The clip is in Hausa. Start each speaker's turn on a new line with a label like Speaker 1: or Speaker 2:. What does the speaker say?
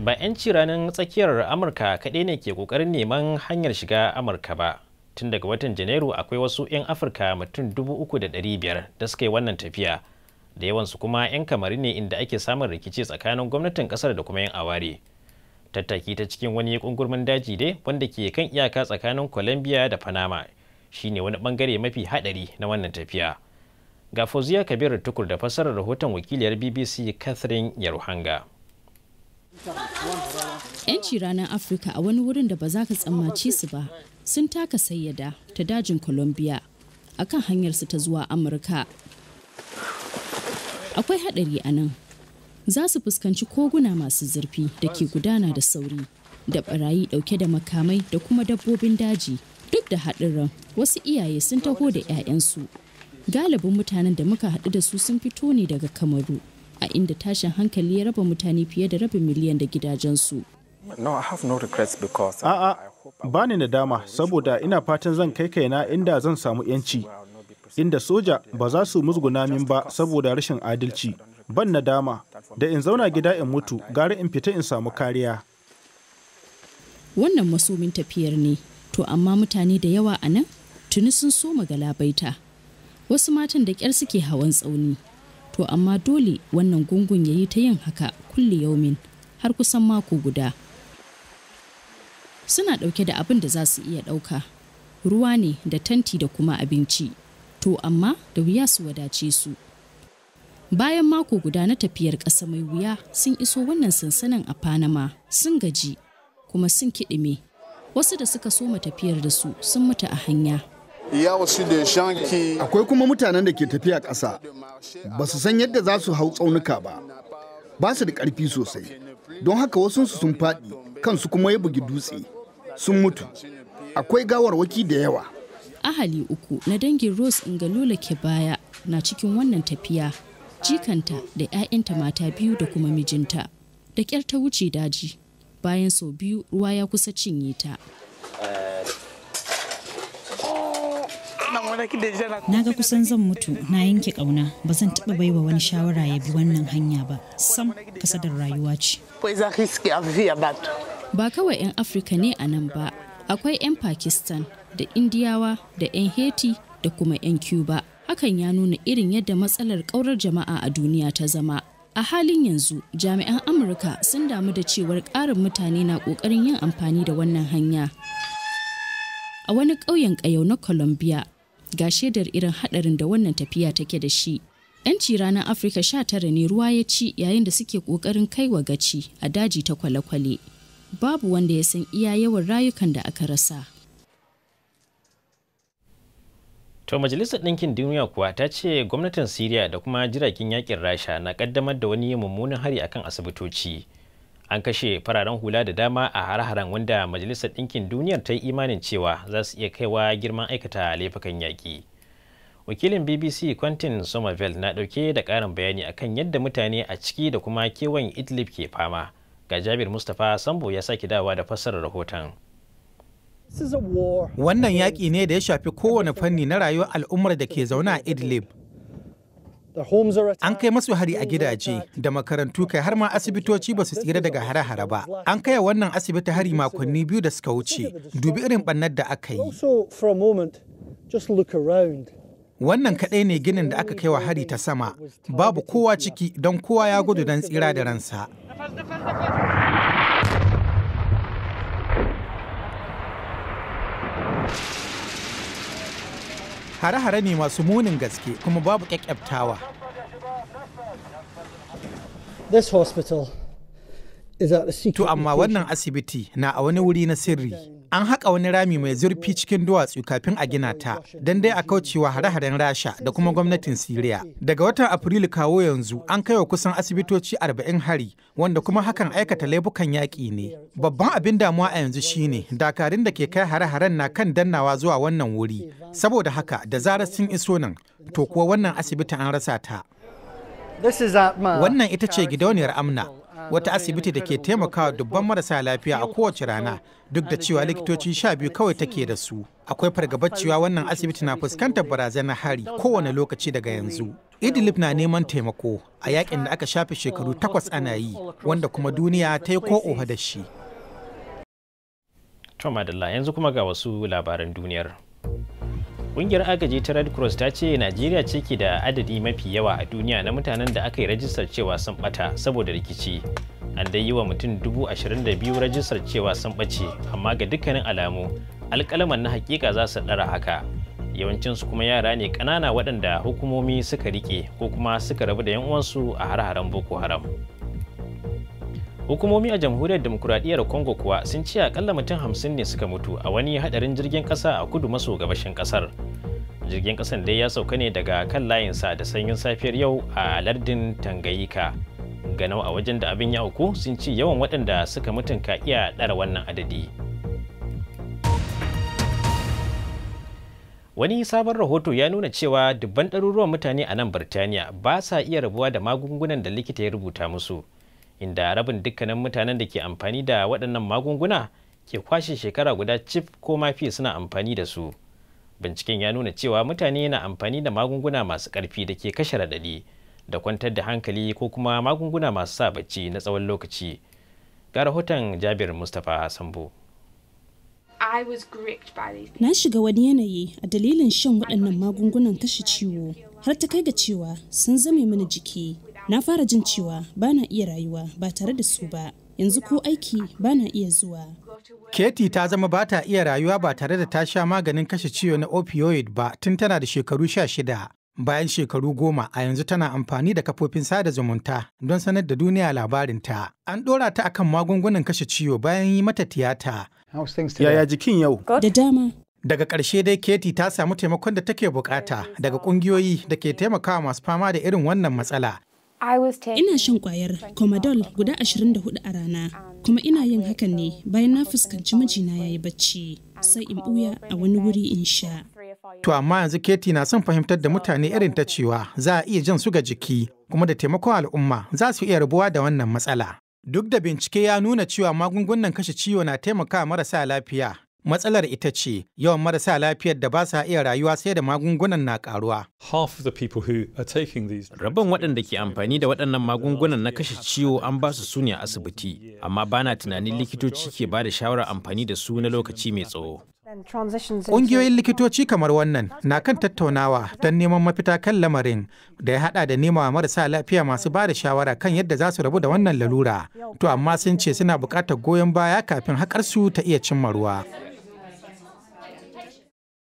Speaker 1: ba 'yanci ranar tsakiyar amurka kaɗai ne ke ƙoƙarin neman hanyar shiga amurka ba tun daga watan janairu akwai wasu 'yan afirka mutum dubu uku da biyar suka yi wannan tafiya da yawansu kuma 'yan kamari ne inda ake samun rikici tsakanin gwamnatin kasar da kuma 'yan aware tattaki ta cikin wani kungurmin daji dai wanda ke kan iyaka tsakanin colombia da panama shine wani bangare mafi haɗari na wannan tafiya ga fauziya kabiru tukur da fassarar rahoton wakiliyar bbc catherine yaruhanga
Speaker 2: 'Yanci ranar Afirka a wani wurin da ba za ka tsammaci su ba sun taka sayyada ta dajin Colombia a kan hanyarsu ta zuwa Amurka. Akwai haɗari a nan. Za su fuskanci koguna masu zurfi da ke gudana da sauri da barayi ɗauke da makamai da kuma dabbobin daji duk da haɗarin wasu iyaye sun taho da 'ya'yansu. Galibin mutanen da muka haɗu da su sun fito ne daga Kamaru. a inda tashin hankali ya raba mutane fiye da rabin miliyan da gidajensu.
Speaker 3: No, A'a, ba ni nadama saboda ina fatan zan kai kaina inda zan samu yanci. Inda soja ba za su musguna min ba saboda rashin adalci. Ban nadama, da in zauna gida in mutu, gara in fita in samu kariya.
Speaker 2: Wannan masumin tafiyar ne, to amma mutane da yawa a nan tuni sun so magalabaita. Wasu matan da ƙyar suke hawan tsauni. to amma dole wannan gungun ya yi ta yin haka kulle yaumin har kusan mako guda suna ɗauke da abin da za su iya ɗauka ruwa ne da tanti da kuma abinci to amma da wuya su wadace su bayan mako guda na tafiyar ƙasa mai wuya sun iso wannan sansanin a panama sun gaji kuma sun kiɗime wasu da suka soma tafiyar da su sun mutu a hanya
Speaker 3: Akwai kuma mutanen da ke tafiya ƙasa, ba su san yadda za su hau tsaunuka ba, ba su da ƙarfi sosai, don haka wasu sun faɗi kansu kuma ya bugi dutse, sun mutu. Akwai gawarwaki da yawa.
Speaker 2: Ahali uku na dangin Rose Ingalula ke baya na cikin wannan tafiya, jikanta da 'ya'yanta mata biyu da kuma mijinta, da ƙyar ta wuce daji, bayan sau biyu ruwa ya kusa cinye ta. na ga kusan zan mutu na yanke kauna ba zan taɓa wa wani shawara ya bi wannan hanya ba sam kasadar rayuwa ce ba kawai 'yan afirka ne a nan ba akwai 'yan pakistan da indiyawa da 'yan haiti da kuma 'yan cuba hakan ya nuna irin yadda matsalar ƙaurar jama'a a duniya ta zama a halin yanzu jami'an amurka sun damu da cewar ƙarin mutane na ƙoƙarin yin amfani da wannan hanya a wani ƙauyen ƙayau na colombia ga shaidar irin haɗarin da wannan tafiya take da shi. 'Yanci ranar Afirka tara ne ruwa ya ci yayin da suke ƙoƙarin kai wa gaci a daji ta kwale-kwale. Babu wanda ya san iya yawan rayukan da aka rasa.
Speaker 1: To Majalisar Ɗinkin Duniya kuwa ta ce gwamnatin Siriya da kuma jiragen yakin Rasha na ƙaddamar da wani mummunan hari akan asibitoci. an kashe fararen hula da dama a har-haren wanda majalisar ɗinkin duniyar ta yi imanin cewa za su iya kaiwa girman aikata laifukan yaƙi wakilin bbc quentin somerville na ɗauke da ƙarin bayani akan yadda mutane a ciki da kuma kewayen idlib ke fama ga jabir mustapha sambo ya sake dawa da fassarar rahoton
Speaker 3: wannan yaƙi ne da ya shafi kowane fanni na rayuwar al'ummar da ke zaune a idlib An kai masu hari a gidaje da makarantu kai har ma asibitoci ba su tsira daga hare-hare ba. An kai wannan asibiti hari makonni biyu da suka wuce. Dubi irin bannar da aka yi. Wannan kaɗai ne ginin da aka kai wa hari ta sama. Babu kowa ciki don kowa ya gudu don tsira da ransa. hare-hare ne masu munin gaske kuma babu kyakkyaftawa to amma wannan asibiti na a wani wuri na sirri An haƙa wani rami mai zurfi cikin duwatsu kafin a gina ta, don dai a kaucewa hare-haren Rasha da kuma gwamnatin Siriya. Daga watan Afrilu kawo yanzu an kaiwa kusan asibitoci arba'in hari, wanda kuma hakan aikata laifukan yaƙi ne. Babban abin damuwa a yanzu shine dakarun da ke kai hare-haren na kan dannawa zuwa wannan wuri. Saboda haka da zarar sun iso nan, to kuwa wannan asibitin an rasa ta. Wannan ita ce gidauniyar Amna, wata asibiti da ke taimakawa dubban marasa lafiya a kowace rana duk da cewa likitoci sha biyu kawai take da su akwai fargabar cewa wannan asibiti na fuskantar barazanar hari kowane lokaci daga yanzu idlib na neman taimako a yakin da aka shafe shekaru takwas ana yi wanda kuma duniya ta yi
Speaker 1: ko oha da shi yanzu kuma ga wasu labaran duniyar Ƙungiyar agaji ta Red Cross ta ce Najeriya ce ke da adadi mafi yawa a duniya na mutanen da aka yi rajistar cewa sun ɓata saboda rikici. An dai yi wa mutum dubu ashirin da biyu rajistar cewa sun ɓace, amma ga dukkanin alamu alƙalaman na hakika za su ɗara haka. Yawancinsu kuma yara ne ƙanana waɗanda hukumomi suka rike ko kuma suka rabu da 'yan uwansu a har-haren Boko Haram. hukumomi a jamhuriyar demokuraɗiyyar congo kuwa sun ce akalla mutum hamsin ne suka mutu a wani hadarin jirgin ƙasa a kudu maso gabashin ƙasar jirgin ƙasan dai ya sauka ne daga kan layinsa da sanyin safiyar yau a lardin tangayika ganau a wajen da abin ya uku sun ce yawan waɗanda suka mutun ka iya ɗara wannan adadi wani sabon rahoto ya nuna cewa dubban ɗaruruwan mutane a nan birtaniya ba sa iya rabuwa da magungunan da likita ya rubuta musu inda rabin dukkanin mutanen da ke amfani da waɗannan magunguna ke kwashe shekara guda cif ko mafi suna amfani da su binciken ya nuna cewa mutane na amfani da magunguna masu ƙarfi da ke kashe raɗaɗi da kwantar da hankali ko kuma magunguna masu sa bacci na tsawon lokaci ga rahoton jabir mustapha sambo
Speaker 2: na shiga wani yanayi a dalilin shan waɗannan magungunan kashe ciwo har ta kai ga cewa sun zame mana jiki na fara jin cewa bana iya rayuwa ba tare da su ba yanzu ko aiki bana iya zuwa
Speaker 3: keti ta zama ba ta iya rayuwa ba tare da ta sha maganin kashe ciwo na opioid ba tun tana da shekaru sha shida bayan shekaru goma a yanzu tana amfani da kafofin sada zumunta don sanar da duniya labarinta an ɗora ta akan magungunan kashe ciwo bayan yi mata tiyata yaya jikin yau da dama Daga ƙarshe dai Keti ta samu taimakon da take bukata daga ƙungiyoyi da ke taimakawa masu fama da irin wannan matsala
Speaker 2: Ina shan kwayar Comadol guda 24 a rana, kuma ina yin hakan ne bayan na fuskanci mijina ya yi bacci, sai in ɓuya a wani wuri in sha.
Speaker 3: To amma yanzu Keti na son fahimtar da mutane irin ta cewa za a iya jan su ga jiki, kuma da taimakon al'umma za su iya rabuwa da wannan matsala. Duk da bincike ya nuna cewa magungunan kashe ciwo na taimakawa marasa lafiya, Matsalar ita ce yawan marasa lafiyar da ba sa iya rayuwa sai da magungunan na karuwa.
Speaker 1: Rabin waɗanda ke amfani da waɗannan magungunan na kashe ciwo an ba su sune a asibiti, amma ba na tunanin likitoci ke ba da shawarar amfani da su na lokaci mai tsawo.
Speaker 3: Ƙungiyoyin likitoci kamar wannan na kan tattaunawa don neman mafita kan lamarin da ya haɗa da nema marasa lafiya masu ba da shawara kan yadda za su rabu da wannan lalura. To amma sun ce suna buƙatar goyon baya kafin su ta iya cimma ruwa.